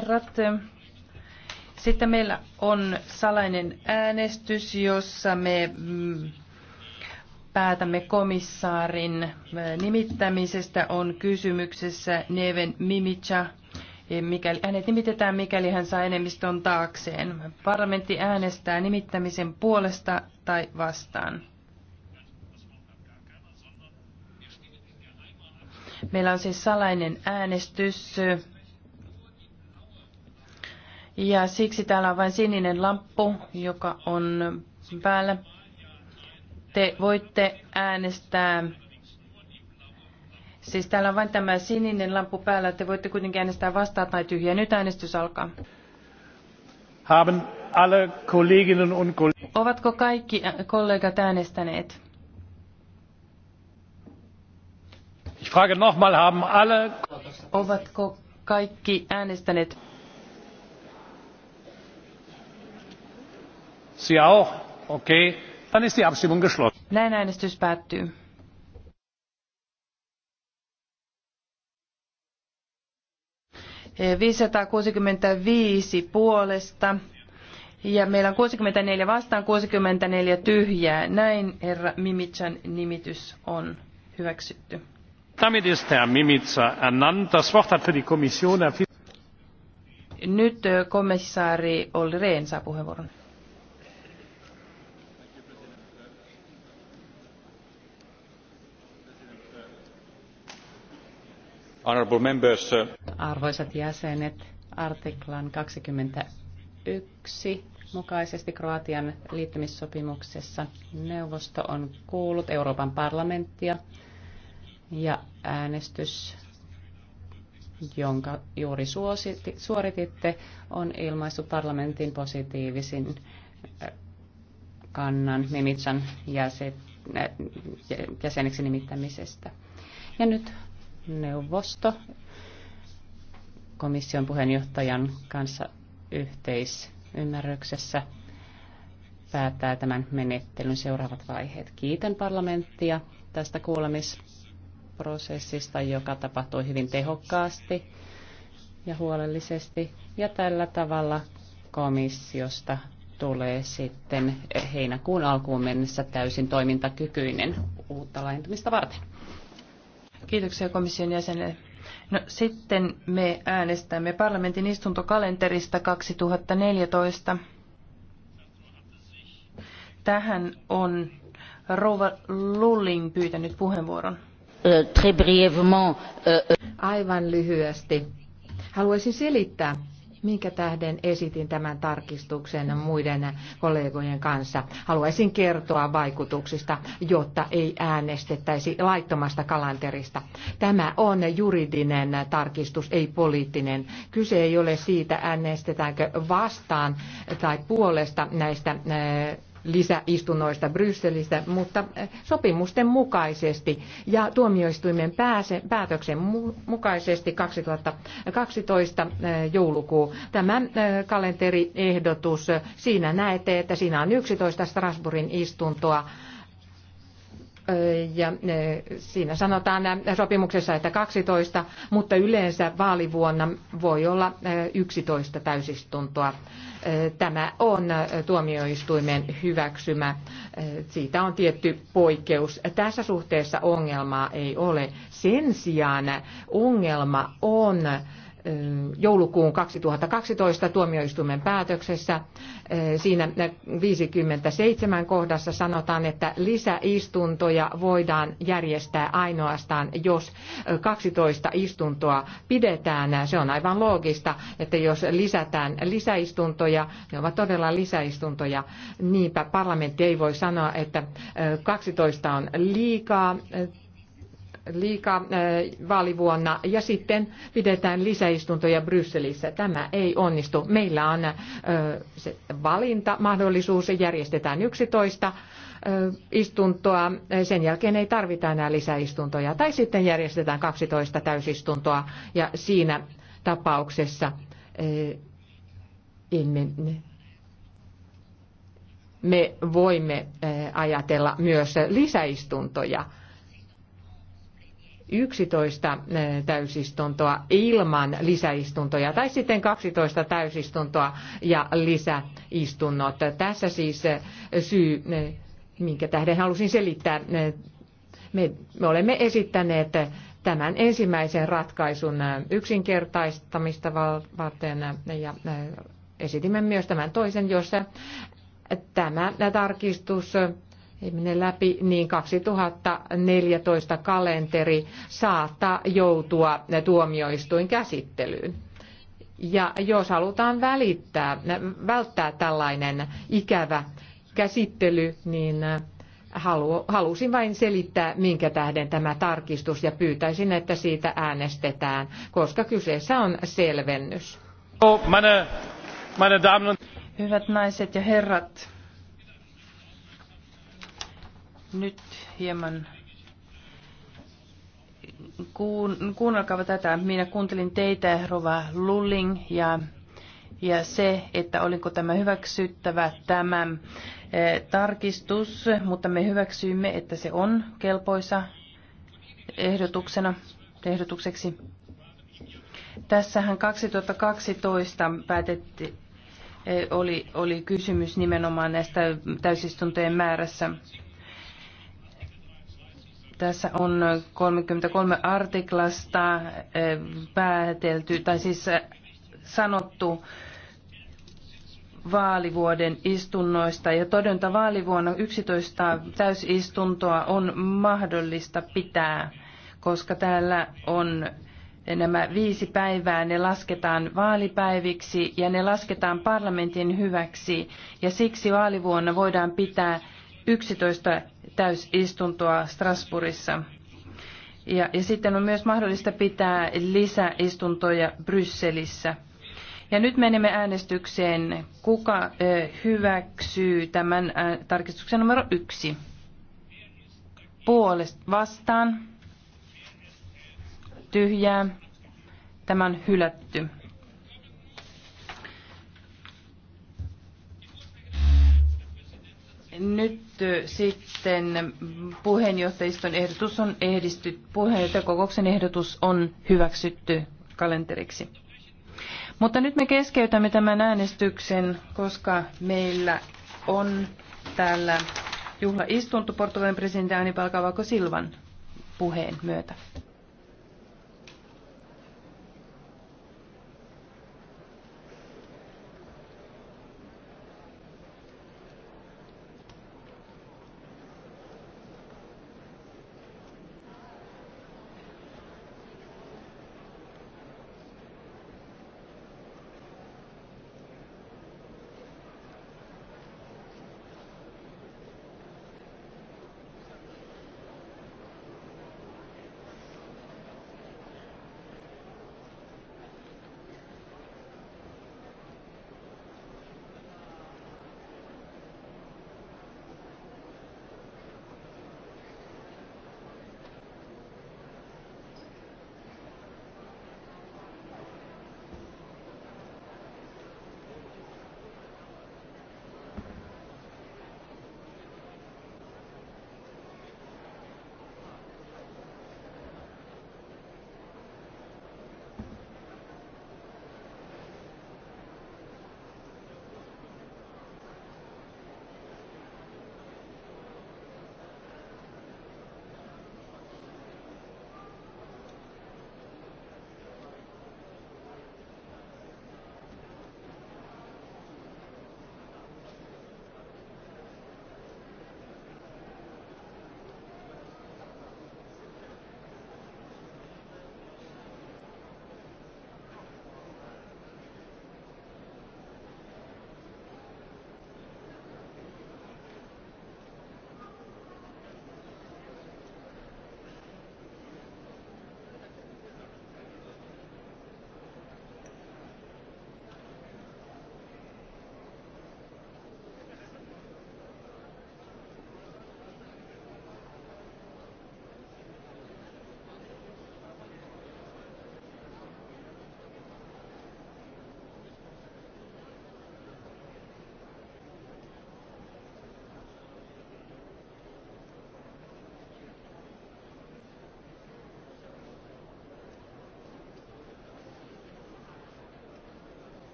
herrat, sitten meillä on salainen äänestys, jossa me mm, päätämme komissaarin äh, nimittämisestä. On kysymyksessä Neven Mimicha, mikäli, hänet nimitetään mikäli hän saa enemmistön taakseen. Parlamentti äänestää nimittämisen puolesta tai vastaan. Meillä on siis salainen äänestys. Ja siksi täällä on vain sininen lamppu, joka on päällä. Te voitte äänestää. Siis täällä on vain tämä sininen lamppu päällä. Te voitte kuitenkin äänestää vastaan tai tyhjää. Nyt äänestys alkaa. Haben alle Kolleginnen und Kollegen. Ovatko kaikki kollegat äänestäneet? Ich frage nochmal, haben alle... Ovatko kaikki äänestäneet? Sie auch? Okay. Dann ist die Abstimmung geschlossen. Näin äänestys päättyy. puolesta ja meillä on 64 vastaan 64 tyhjää. Näin herra Mimitsan nimitys on hyväksytty. Damit ist Herr Mimitsa ernannt. Das Wort hat für die Kommission Nyt äh, komissaari Olli Rehn saa puheenvuoron. Uh, Arvoisat jäsenet, artiklan 21 mukaisesti Kroatian liittymissopimuksessa neuvosto on kuullut Euroopan parlamenttia ja äänestys, jonka juuri suorititte, on ilmaistu parlamentin positiivisin äh, kannan Mimitsan jäsen, äh, jäseneksi nimittämisestä. Ja nyt neuvosto komission puheenjohtajan kanssa yhteisymmärryksessä päättää tämän menettelyn seuraavat vaiheet. Kiitän parlamenttia tästä kuulemisprosessista, joka tapahtui hyvin tehokkaasti ja huolellisesti. Ja tällä tavalla komissiosta tulee sitten heinäkuun alkuun mennessä täysin toimintakykyinen uutta laajentumista varten. Kiitoksia komission jäsenelle. No, sitten me äänestämme parlamentin istuntokalenterista 2014. Tähän on Rova Lulling pyytänyt puheenvuoron. Euh, euh, euh. Aivan lyhyesti. Haluaisin selittää minkä tähden esitin tämän tarkistuksen muiden kollegojen kanssa. Haluaisin kertoa vaikutuksista, jotta ei äänestettäisi laittomasta kalanterista. Tämä on juridinen tarkistus, ei poliittinen. Kyse ei ole siitä, äänestetäänkö vastaan tai puolesta näistä lisäistunnoista Brysselissä, mutta eh, sopimusten mukaisesti ja tuomioistuimen pääse, päätöksen mukaisesti 2012 eh, joulukuu. Tämä eh, kalenteriehdotus, siinä näette, että siinä on 11 Strasbourgin istuntoa ja siinä sanotaan sopimuksessa, että 12, mutta yleensä vaalivuonna voi olla 11 täysistuntoa. Tämä on tuomioistuimen hyväksymä. Siitä on tietty poikkeus. Tässä suhteessa ongelmaa ei ole. Sen sijaan ongelma on joulukuun 2012 tuomioistuimen päätöksessä. Siinä 57 kohdassa sanotaan, että lisäistuntoja voidaan järjestää ainoastaan, jos 12 istuntoa pidetään. Se on aivan loogista, että jos lisätään lisäistuntoja, ne ovat todella lisäistuntoja. Niinpä parlamentti ei voi sanoa, että 12 on liikaa liika eh, vaalivuonna ja sitten pidetään lisäistuntoja Brysselissä. Tämä ei onnistu. Meillä on eh, se valintamahdollisuus, se järjestetään 11 eh, istuntoa. Sen jälkeen ei tarvita enää lisäistuntoja. Tai sitten järjestetään 12 täysistuntoa ja siinä tapauksessa emme me voimme ajatella myös lisäistuntoja 11 eh, täysistuntoa ilman lisäistuntoja tai sitten 12 täysistuntoa ja lisäistunnot. Tässä siis eh, syy, eh, minkä tähden halusin selittää. Me, me olemme esittäneet tämän ensimmäisen ratkaisun yksinkertaistamista varten ja esitimme myös tämän toisen, jossa tämä tarkistus ei mene läpi, niin 2014 kalenteri saattaa joutua tuomioistuin käsittelyyn. Ja jos halutaan välittää, välttää tällainen ikävä käsittely, niin halu, halusin vain selittää, minkä tähden tämä tarkistus, ja pyytäisin, että siitä äänestetään, koska kyseessä on selvennys. Hyvät naiset ja herrat, nyt hieman kuun, kuunnelkaa tätä. Minä kuuntelin teitä, Rova Lulling, ja, ja se, että olinko tämä hyväksyttävä tämä e, tarkistus, mutta me hyväksyimme, että se on kelpoisa ehdotuksena, ehdotukseksi. Tässähän 2012 e, eh, oli, oli kysymys nimenomaan näistä täysistuntojen määrässä. Tässä on 33 artiklasta eh, päätelty, tai siis eh, sanottu vaalivuoden istunnoista ja todenta vaalivuonna 11 täysistuntoa on mahdollista pitää, koska täällä on nämä viisi päivää, ne lasketaan vaalipäiviksi ja ne lasketaan parlamentin hyväksi ja siksi vaalivuonna voidaan pitää 11 täysistuntoa Strasbourgissa. Ja, ja sitten on myös mahdollista pitää lisäistuntoja Brysselissä. Ja nyt menemme äänestykseen. Kuka hyväksyy tämän tarkistuksen numero yksi? Puolesta vastaan. Tyhjää. Tämä on hylätty. Nyt sitten puheenjohtajiston ehdotus on ehdistyt, puheenjohtajakokouksen ehdotus on hyväksytty kalenteriksi. Mutta nyt me keskeytämme tämän äänestyksen, koska meillä on täällä juhlaistunto Portugalin presidentti Anibal Cavaco Silvan puheen myötä.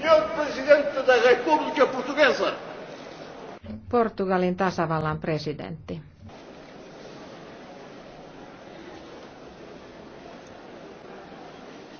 Senhor Presidente da República Portuguesa. Portugalin tasavallan presidentti.